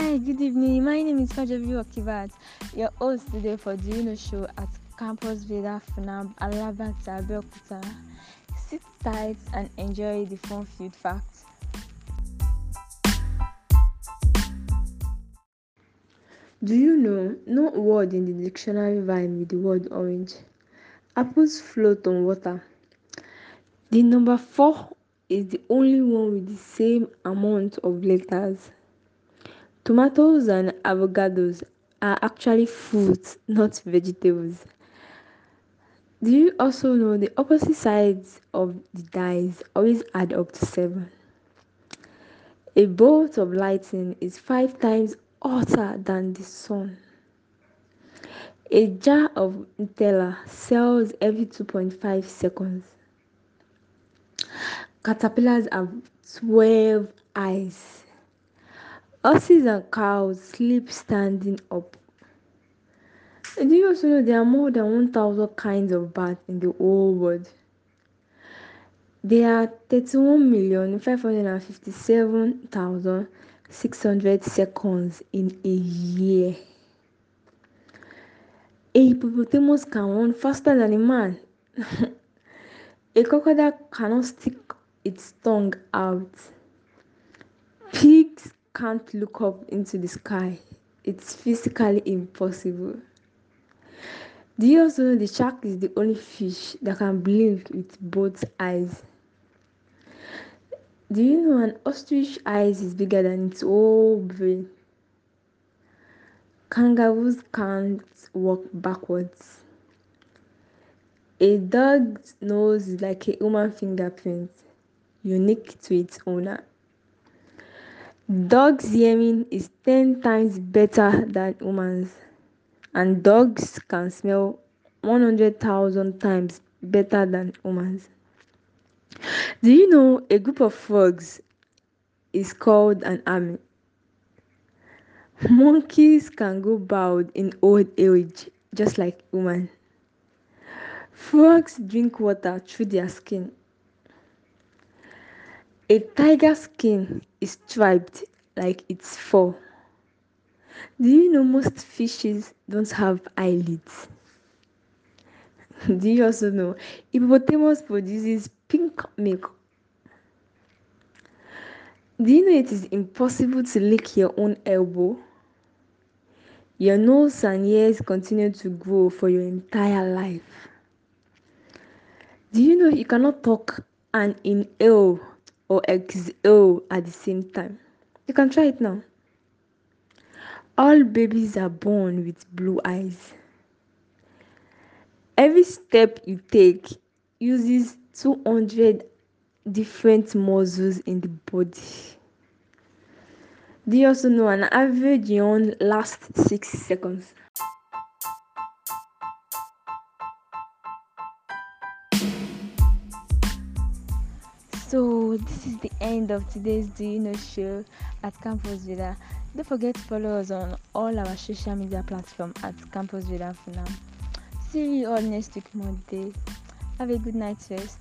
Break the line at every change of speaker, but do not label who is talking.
Hi, good evening. My name is Kajavi you your host today for the UNO show at Campus Veda Funab Alabata Belkuta. Sit tight and enjoy the fun field facts. Do you know no word in the dictionary rhymes with the word orange? Apples float on water. The number four is the only one with the same amount of letters Tomatoes and avocados are actually fruits, not vegetables. Do you also know the opposite sides of the dice always add up to 7? A bolt of lightning is 5 times hotter than the sun. A jar of Nutella sells every 2.5 seconds. Caterpillars have 12 eyes. Horses and cows sleep standing up. And do you also know there are more than 1,000 kinds of bats in the whole world? There are 31,557,600 seconds in a year. A hippopotamus can run faster than a man. a crocodile cannot stick its tongue out. can't look up into the sky. It's physically impossible. Do you also know the shark is the only fish that can blink with both eyes? Do you know an ostrich eyes is bigger than its whole brain? Kangaroos can't walk backwards. A dog's nose is like a human fingerprint, unique to its owner. Dogs' hearing is 10 times better than humans, and dogs can smell 100,000 times better than humans. Do you know a group of frogs is called an army? Monkeys can go bald in old age, just like humans. Frogs drink water through their skin. A tiger's skin is striped like its fur. Do you know most fishes don't have eyelids? Do you also know hippopotamus produces pink milk? Do you know it is impossible to lick your own elbow? Your nose and ears continue to grow for your entire life. Do you know you cannot talk and inhale or XO at the same time. You can try it now. All babies are born with blue eyes. Every step you take uses 200 different muscles in the body. Do you also know an average yawn lasts six seconds? So this is the end of today's Do You Know show at Campus Villa. Don't forget to follow us on all our social media platforms at Campus Villa for now. See you all next week Monday. Have a good night rest.